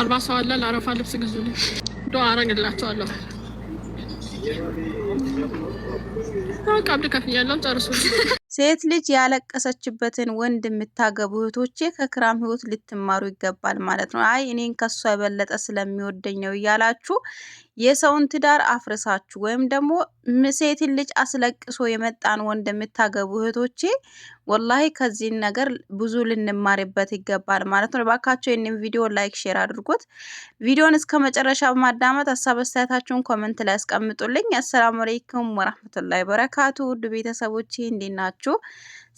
አርባ ሰው አለ። ለአረፋ ልብስ ግዙልኝ። ዱዓ አረግላቸዋለሁ። ቀብድ ከፍያለሁ። ጨርሱ። ሴት ልጅ ያለቀሰችበትን ወንድ የምታገቡ እህቶቼ ከክራም ህይወት ልትማሩ ይገባል ማለት ነው። አይ እኔን ከሷ የበለጠ ስለሚወደኝ ነው እያላችሁ የሰውን ትዳር አፍርሳችሁ ወይም ደግሞ ሴትን ልጅ አስለቅሶ የመጣን ወንድ የምታገቡ እህቶቼ ወላሂ ከዚህን ነገር ብዙ ልንማርበት ይገባል ማለት ነው። ባካቸው ይህንን ቪዲዮ ላይክ፣ ሼር አድርጉት። ቪዲዮን እስከ መጨረሻ በማዳመጥ ሀሳብ አስተያየታችሁን ኮመንት ላይ አስቀምጡልኝ። አሰላሙ አለይኩም ወራህመቱላሂ በረካቱ ውድ ቤተሰቦቼ እንዴት ናችሁ?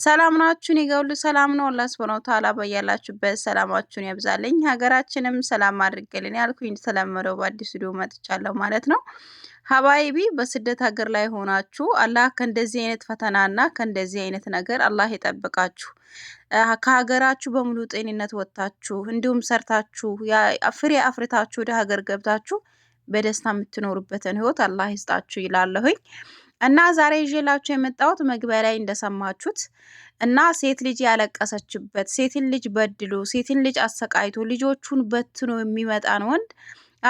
ሰላም ናችሁን? የገውሉ ሰላም ነው። አላህ ሱብሃነሁ ወተዓላ በያላችሁበት ሰላማችሁን ያብዛልኝ፣ ሀገራችንም ሰላም አድርግልን ያልኩኝ እንደተለመደው በአዲስ ቪዲዮ መጥቻለሁ ማለት ነው። ሀባይቢ በስደት ሀገር ላይ ሆናችሁ አላህ ከእንደዚህ አይነት ፈተናና ከእንደዚህ አይነት ነገር አላህ ይጠብቃችሁ። ከሀገራችሁ በሙሉ ጤንነት ወጥታችሁ እንዲሁም ሰርታችሁ ፍሬ አፍርታችሁ ወደ ሀገር ገብታችሁ በደስታ የምትኖሩበትን ህይወት አላህ ይስጣችሁ ይላለሁኝ። እና ዛሬ ይዤላችሁ የመጣሁት መግቢያ ላይ እንደሰማችሁት እና ሴት ልጅ ያለቀሰችበት ሴትን ልጅ በድሎ ሴትን ልጅ አሰቃይቶ ልጆቹን በትኖ የሚመጣን ወንድ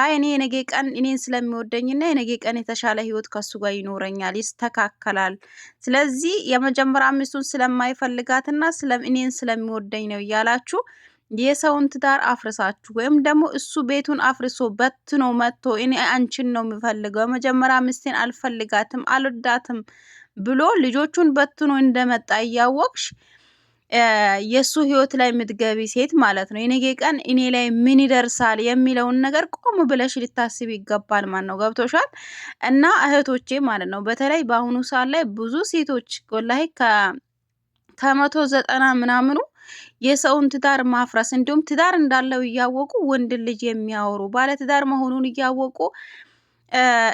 አይ እኔ የነገ ቀን እኔን ስለሚወደኝና የነገ ቀን የተሻለ ህይወት ከሱ ጋር ይኖረኛል፣ ይስተካከላል። ስለዚህ የመጀመሪያ ሚስቱን ስለማይፈልጋትና እኔን ስለሚወደኝ ነው እያላችሁ የሰውን ትዳር አፍርሳችሁ ወይም ደግሞ እሱ ቤቱን አፍርሶ በትኖ መጥቶ እኔ አንቺን ነው የምፈልገው መጀመሪያ ሚስቴን አልፈልጋትም አልወዳትም ብሎ ልጆቹን በትኖ እንደመጣ እያወቅሽ የእሱ ህይወት ላይ የምትገቢ ሴት ማለት ነው። የነገ ቀን እኔ ላይ ምን ይደርሳል የሚለውን ነገር ቆም ብለሽ ልታስብ ይገባል ማለት ነው። ገብቶሻል? እና እህቶቼ ማለት ነው በተለይ በአሁኑ ሰዓት ላይ ብዙ ሴቶች ወላሂ ከመቶ ዘጠና ምናምኑ የሰውን ትዳር ማፍረስ እንዲሁም ትዳር እንዳለው እያወቁ ወንድ ልጅ የሚያወሩ ባለትዳር መሆኑን እያወቁ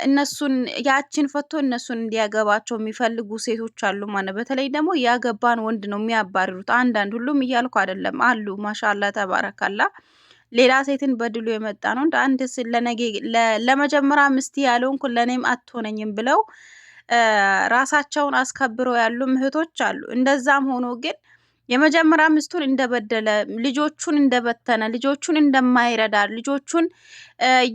እነሱን ያችን ፈቶ እነሱን እንዲያገባቸው የሚፈልጉ ሴቶች አሉ ማለት በተለይ ደግሞ ያገባን ወንድ ነው የሚያባርሩት። አንዳንድ ሁሉም እያልኩ አይደለም አሉ ማሻላ ተባረካላ ሌላ ሴትን በድሉ የመጣ ነው እንደ አንድ ለነገ ለመጀመሪያ ሚስት ያለውን ለእኔም አትሆነኝም ብለው ራሳቸውን አስከብረው ያሉ እህቶች አሉ። እንደዛም ሆኖ ግን የመጀመሪያ ሚስቱን እንደበደለ፣ ልጆቹን እንደበተነ፣ ልጆቹን እንደማይረዳ፣ ልጆቹን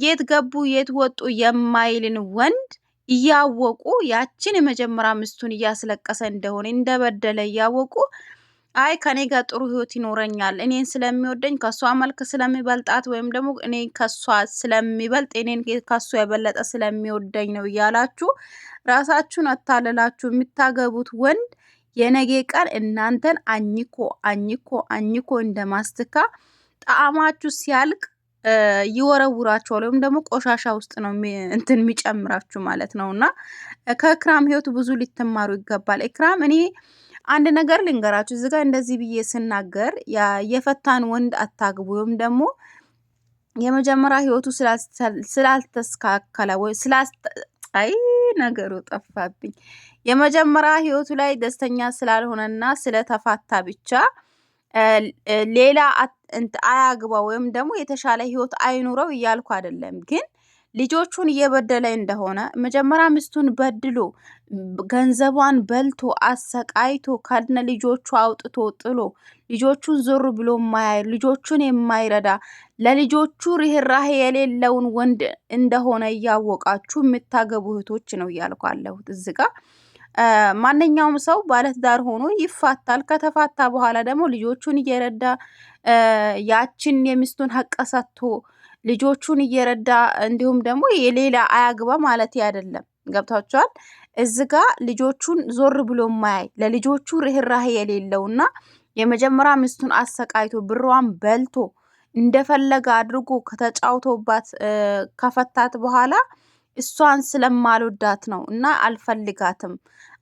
የት ገቡ የት ወጡ የማይልን ወንድ እያወቁ ያችን የመጀመሪያ ሚስቱን እያስለቀሰ እንደሆነ እንደበደለ እያወቁ አይ ከኔ ጋር ጥሩ ህይወት ይኖረኛል፣ እኔን ስለሚወደኝ ከሷ መልክ ስለሚበልጣት ወይም ደግሞ እኔ ከሷ ስለሚበልጥ እኔን ከሷ የበለጠ ስለሚወደኝ ነው እያላችሁ ራሳችሁን አታለላችሁ የምታገቡት ወንድ የነጌ ቀን እናንተን አኝኮ አኝኮ አኝኮ እንደማስትካ ጣዕማችሁ ሲያልቅ ይወረውራችኋል ወይም ደግሞ ቆሻሻ ውስጥ ነው እንትን የሚጨምራችሁ ማለት ነው። እና ከእክራም ህይወት ብዙ ሊትማሩ ይገባል። እክራም እኔ አንድ ነገር ልንገራችሁ እዚህ ጋር እንደዚህ ብዬ ስናገር የፈታን ወንድ አታግቡ ወይም ደግሞ የመጀመሪያ ህይወቱ ስላልተስካከለ ወይ ስላስ አይ ነገሩ ጠፋብኝ የመጀመሪያ ህይወቱ ላይ ደስተኛ ስላልሆነና ስለተፋታ ብቻ ሌላ አያግባ ወይም ደግሞ የተሻለ ህይወት አይኑረው እያልኩ አይደለም። ግን ልጆቹን እየበደለ እንደሆነ መጀመሪያ ሚስቱን በድሎ ገንዘቧን በልቶ አሰቃይቶ ከነ ልጆቹ አውጥቶ ጥሎ ልጆቹን ዞር ብሎ ማያይ ልጆቹን የማይረዳ ለልጆቹ ርህራሄ የሌለውን ወንድ እንደሆነ እያወቃችሁ የምታገቡ እህቶች ነው እያልኩ አለሁት እዚህ ጋር ማንኛውም ሰው ባለትዳር ሆኖ ይፋታል። ከተፋታ በኋላ ደግሞ ልጆቹን እየረዳ ያችን የሚስቱን ሀቅ ሰጥቶ ልጆቹን እየረዳ እንዲሁም ደግሞ የሌላ አያግባ ማለት አይደለም። ገብታችኋል? እዚ ጋ ልጆቹን ዞር ብሎ ማያይ ለልጆቹ የሌለው እና የመጀመሪያ ሚስቱን አሰቃይቶ ብሯን በልቶ እንደፈለገ አድርጎ ከተጫውቶባት ከፈታት በኋላ እሷን ስለማልወዳት ነው እና አልፈልጋትም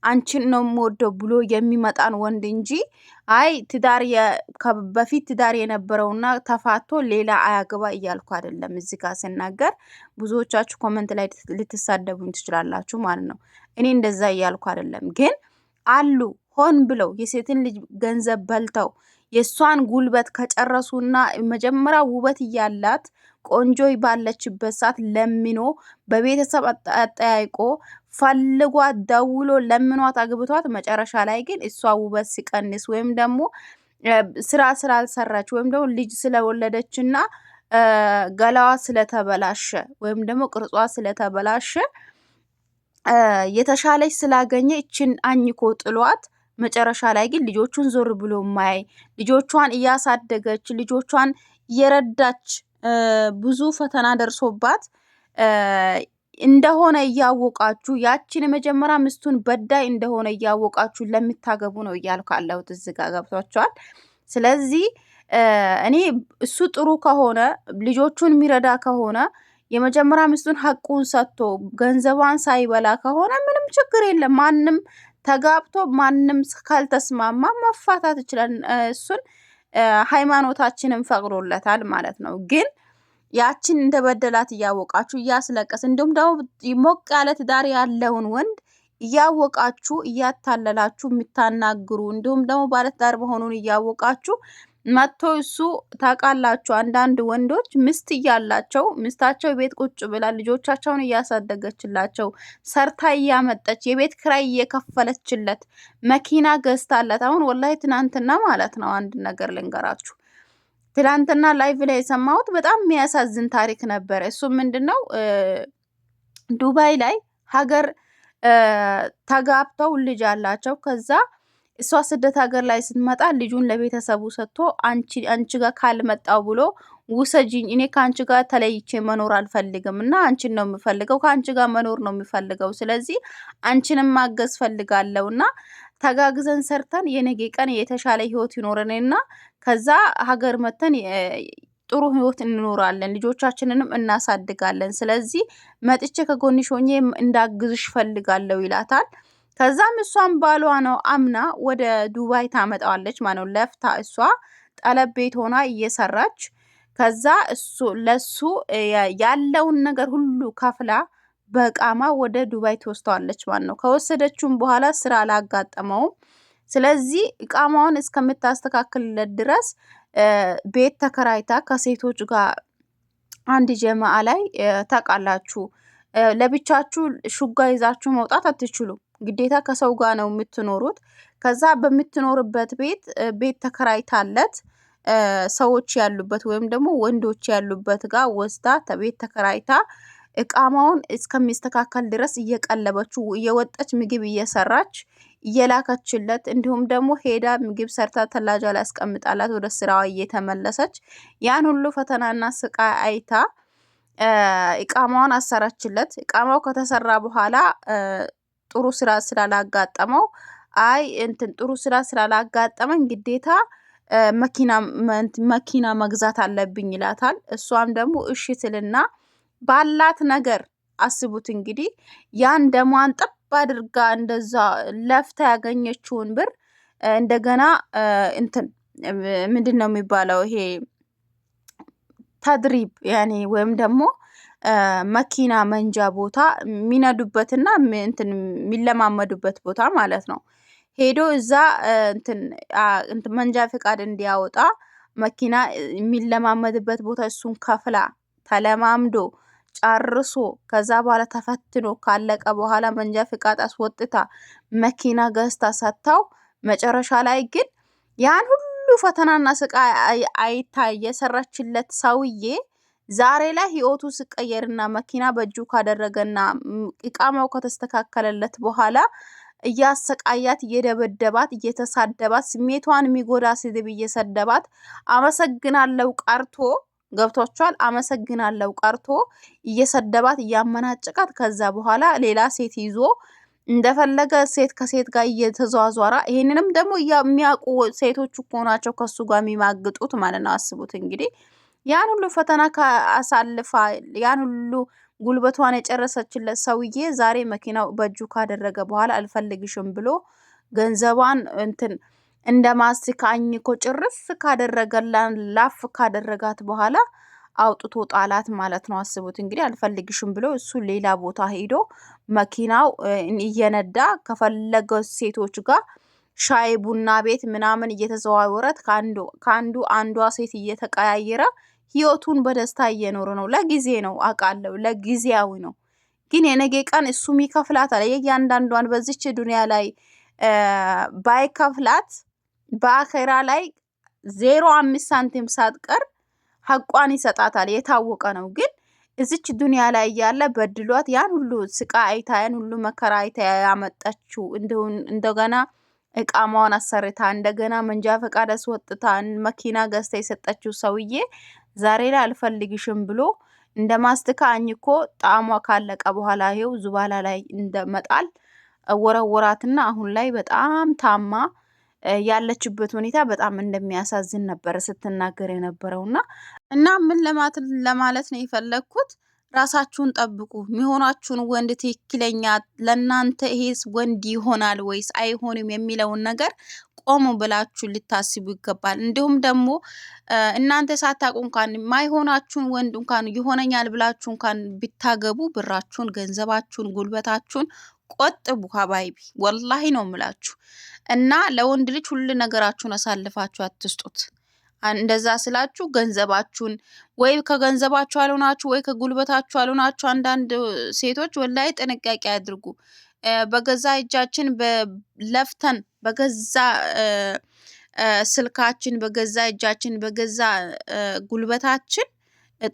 አንቺን ነው የምወደው ብሎ የሚመጣን ወንድ እንጂ አይ ትዳር በፊት ትዳር የነበረውና ተፋቶ ሌላ አያግባ እያልኩ አይደለም። እዚህ ጋር ስናገር ብዙዎቻችሁ ኮመንት ላይ ልትሳደቡኝ ትችላላችሁ ማለት ነው። እኔ እንደዛ እያልኩ አይደለም። ግን አሉ ሆን ብለው የሴትን ልጅ ገንዘብ በልተው የእሷን ጉልበት ከጨረሱና መጀመሪያ ውበት እያላት ቆንጆ ባለችበት ሰዓት ለምኖ በቤተሰብ አጠያይቆ ፈልጓት ደውሎ ለምኗት አግብቷት፣ መጨረሻ ላይ ግን እሷ ውበት ሲቀንስ ወይም ደግሞ ስራ ስላልሰራች ወይም ደግሞ ልጅ ስለወለደችና ገላዋ ስለተበላሸ ወይም ደግሞ ቅርጿ ስለተበላሸ የተሻለች ስላገኘ ይችን አኝኮ ጥሏት መጨረሻ ላይ ግን ልጆቹን ዞር ብሎ ማይ ልጆቿን እያሳደገች ልጆቿን እየረዳች ብዙ ፈተና ደርሶባት እንደሆነ እያወቃችሁ ያችን የመጀመሪያ ሚስቱን በዳይ እንደሆነ እያወቃችሁ ለምታገቡ ነው እያልኩ አለሁት። እዚህ ገብቷቸዋል። ስለዚህ እኔ እሱ ጥሩ ከሆነ ልጆቹን የሚረዳ ከሆነ የመጀመሪያ ሚስቱን ሀቁን ሰጥቶ ገንዘቧን ሳይበላ ከሆነ ምንም ችግር የለም። ማንም ተጋብቶ ማንም ካልተስማማ መፋታት ይችላል እሱን ሃይማኖታችንን ፈቅዶለታል ማለት ነው። ግን ያችን እንደበደላት እያወቃችሁ እያስለቀስ እንዲሁም ደግሞ ሞቅ ያለ ትዳር ያለውን ወንድ እያወቃችሁ እያታለላችሁ የምታናግሩ እንዲሁም ደግሞ ባለትዳር መሆኑን እያወቃችሁ መጥቶ እሱ ታውቃላችሁ፣ አንዳንድ ወንዶች ሚስት እያላቸው ሚስታቸው ቤት ቁጭ ብላ ልጆቻቸውን እያሳደገችላቸው ሰርታ እያመጠች የቤት ክራይ እየከፈለችለት መኪና ገዝታለት። አሁን ወላሂ ትናንትና ማለት ነው አንድ ነገር ልንገራችሁ። ትናንትና ላይቭ ላይ የሰማሁት በጣም የሚያሳዝን ታሪክ ነበረ። እሱ ምንድን ነው ዱባይ ላይ ሀገር ተጋብተው ልጅ አላቸው ከዛ እሷ ስደት ሀገር ላይ ስትመጣ ልጁን ለቤተሰቡ ሰጥቶ አንቺ ጋር ካልመጣው ብሎ ውሰጂኝ፣ እኔ ከአንቺ ጋር ተለይቼ መኖር አልፈልግም እና አንቺን ነው የምፈልገው፣ ከአንቺ ጋር መኖር ነው የሚፈልገው። ስለዚህ አንቺንም ማገዝ ፈልጋለው እና ተጋግዘን ሰርተን የነገ ቀን የተሻለ ህይወት ይኖረን እና ከዛ ሀገር መተን ጥሩ ህይወት እንኖራለን፣ ልጆቻችንንም እናሳድጋለን። ስለዚህ መጥቼ ከጎንሽ ሆኜ እንዳግዝሽ ፈልጋለሁ ይላታል። ከዛም እሷም ባሏ ነው አምና ወደ ዱባይ ታመጣዋለች ማለት ነው። ለፍታ እሷ ጠለብ ቤት ሆና እየሰራች ከዛ እሱ ለሱ ያለውን ነገር ሁሉ ከፍላ በቃማ ወደ ዱባይ ትወስደዋለች ማለት ነው። ከወሰደችውም በኋላ ስራ አላጋጠመውም። ስለዚህ እቃማውን እስከምታስተካክልለት ድረስ ቤት ተከራይታ ከሴቶች ጋር አንድ ጀማአ ላይ ታውቃላችሁ፣ ለብቻችሁ ሹጋ ይዛችሁ መውጣት አትችሉም። ግዴታ ከሰው ጋር ነው የምትኖሩት። ከዛ በምትኖርበት ቤት ቤት ተከራይታለት ሰዎች ያሉበት ወይም ደግሞ ወንዶች ያሉበት ጋር ወስዳ ቤት ተከራይታ እቃማውን እስከሚስተካከል ድረስ እየቀለበችው እየወጠች ምግብ እየሰራች እየላከችለት እንዲሁም ደግሞ ሄዳ ምግብ ሰርታ ተላጃ ላይ አስቀምጣላት ወደ ስራዋ እየተመለሰች ያን ሁሉ ፈተናና ስቃይ አይታ እቃማውን አሰራችለት። እቃማው ከተሰራ በኋላ ጥሩ ስራ ስላላጋጠመው አይ እንትን ጥሩ ስራ ስላላጋጠመኝ ግዴታ መኪና መግዛት አለብኝ ይላታል። እሷም ደግሞ እሺ ትልና ባላት ነገር አስቡት እንግዲህ ያን ደሟን ጠብ አድርጋ እንደዛ ለፍታ ያገኘችውን ብር እንደገና እንትን ምንድን ነው የሚባለው ይሄ ተድሪብ ያኔ ወይም ደግሞ መኪና መንጃ ቦታ የሚነዱበትና እንትን የሚለማመዱበት ቦታ ማለት ነው። ሄዶ እዛ እንትን መንጃ ፍቃድ እንዲያወጣ መኪና የሚለማመድበት ቦታ እሱን ከፍላ ተለማምዶ ጨርሶ ከዛ በኋላ ተፈትኖ ካለቀ በኋላ መንጃ ፍቃድ አስወጥታ መኪና ገዝታ ሰጥታው መጨረሻ ላይ ግን ያን ሁሉ ፈተናና ስቃይ አይታ የሰራችለት ሰውዬ ዛሬ ላይ ህይወቱ ሲቀየርና መኪና በእጁ ካደረገና እቃማው ከተስተካከለለት በኋላ እያሰቃያት እየደበደባት እየተሳደባት ስሜቷን የሚጎዳ ስድብ እየሰደባት አመሰግናለው ቀርቶ ገብቷቸዋል። አመሰግናለው ቀርቶ እየሰደባት እያመናጨቃት ከዛ በኋላ ሌላ ሴት ይዞ እንደፈለገ ሴት ከሴት ጋር እየተዟዟራ ይሄንንም ደግሞ የሚያውቁ ሴቶች እኮ ናቸው ከሱ ጋር የሚማግጡት ማለት ነው። አስቡት እንግዲህ ያን ሁሉ ፈተና አሳልፋ ያን ሁሉ ጉልበቷን የጨረሰችለት ሰውዬ ዛሬ መኪናው በእጁ ካደረገ በኋላ አልፈልግሽም ብሎ ገንዘቧን እንትን እንደ ማስቲካ አኝኮ ጭርስ ካደረገላን ላፍ ካደረጋት በኋላ አውጥቶ ጣላት ማለት ነው። አስቡት እንግዲህ አልፈልግሽም ብሎ እሱ ሌላ ቦታ ሄዶ መኪናው እየነዳ ከፈለገ ሴቶች ጋር ሻይ ቡና ቤት ምናምን እየተዘዋወረ ከአንዱ አንዷ ሴት እየተቀያየረ ህይወቱን በደስታ እየኖረ ነው። ለጊዜ ነው አውቃለሁ፣ ለጊዜያዊ ነው። ግን የነገ ቀን እሱም ይከፍላታል። የእያንዳንዷን በዚች ዱኒያ ላይ ባይከፍላት በአኼራ ላይ ዜሮ አምስት ሳንቲም ሳትቀር ሀቋን ይሰጣታል። የታወቀ ነው። ግን እዚች ዱንያ ላይ እያለ በድሏት ያን ሁሉ ስቃ አይታ ያን ሁሉ መከራ አይታ ያመጣችው እንደገና እቃማዋን አሰርታ እንደገና መንጃ ፈቃድ አስወጥታ መኪና ገዝታ የሰጠችው ሰውዬ ዛሬ ላይ አልፈልግሽም ብሎ እንደ ማስትካ አኝኮ ጣዕሟ ካለቀ በኋላ ይኸው ዙባላ ላይ እንደመጣል ወረወራትና አሁን ላይ በጣም ታማ ያለችበት ሁኔታ በጣም እንደሚያሳዝን ነበረ ስትናገር የነበረውና እና ምን ለማለት ነው የፈለግኩት ራሳችሁን ጠብቁ። የሚሆናችሁን ወንድ ትክክለኛ ለእናንተ ይሄስ ወንድ ይሆናል ወይስ አይሆንም የሚለውን ነገር ቆሙ ብላችሁ ልታስቡ ይገባል። እንዲሁም ደግሞ እናንተ ሳታውቁ እንኳን የማይሆናችሁን ወንድ እንኳን ይሆነኛል ብላችሁ እንኳን ብታገቡ ብራችሁን፣ ገንዘባችሁን፣ ጉልበታችሁን ቆጥቡ። ሀባይቢ ወላሂ ነው የምላችሁ እና ለወንድ ልጅ ሁሉ ነገራችሁን አሳልፋችሁ አትስጡት። እንደዛ ስላችሁ ገንዘባችሁን ወይ ከገንዘባችሁ አልሆናችሁ ወይ ከጉልበታችሁ አልሆናችሁ። አንዳንድ ሴቶች ወላይ ጥንቃቄ አድርጉ። በገዛ እጃችን ለፍተን በገዛ ስልካችን፣ በገዛ እጃችን፣ በገዛ ጉልበታችን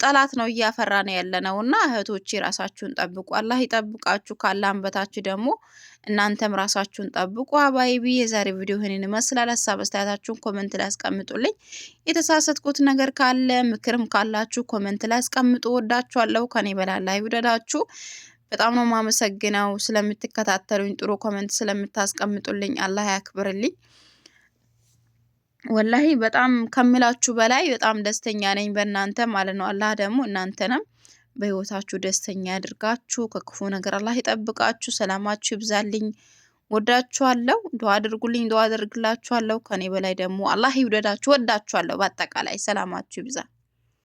ጠላት ነው እያፈራ ነው ያለ ነው። እና እህቶቼ ራሳችሁን ጠብቁ፣ አላህ ይጠብቃችሁ። ካላህም በታች ደግሞ እናንተም ራሳችሁን ጠብቁ። አባይቢ የዛሬ ቪዲዮ ይህንን ይመስላል። ሀሳብ አስተያየታችሁን ኮመንት ላይ አስቀምጡልኝ። የተሳሳትኩት ነገር ካለ ምክርም ካላችሁ ኮመንት ላይ አስቀምጡ። ወዳችኋለሁ። ከኔ በላላይ ውደዳችሁ። በጣም ነው ማመሰግነው ስለምትከታተሉኝ፣ ጥሩ ኮመንት ስለምታስቀምጡልኝ። አላህ ያክብርልኝ። ወላሂ በጣም ከምላችሁ በላይ በጣም ደስተኛ ነኝ በእናንተ ማለት ነው። አላህ ደግሞ እናንተንም በህይወታችሁ ደስተኛ ያድርጋችሁ፣ ከክፉ ነገር አላህ ይጠብቃችሁ፣ ሰላማችሁ ይብዛልኝ። ወዳችኋለሁ። ዱዓ አድርጉልኝ፣ ዱዓ አደርግላችኋለሁ። ከኔ በላይ ደግሞ አላህ ይውደዳችሁ። ወዳችኋለሁ። በአጠቃላይ ሰላማችሁ ይብዛ።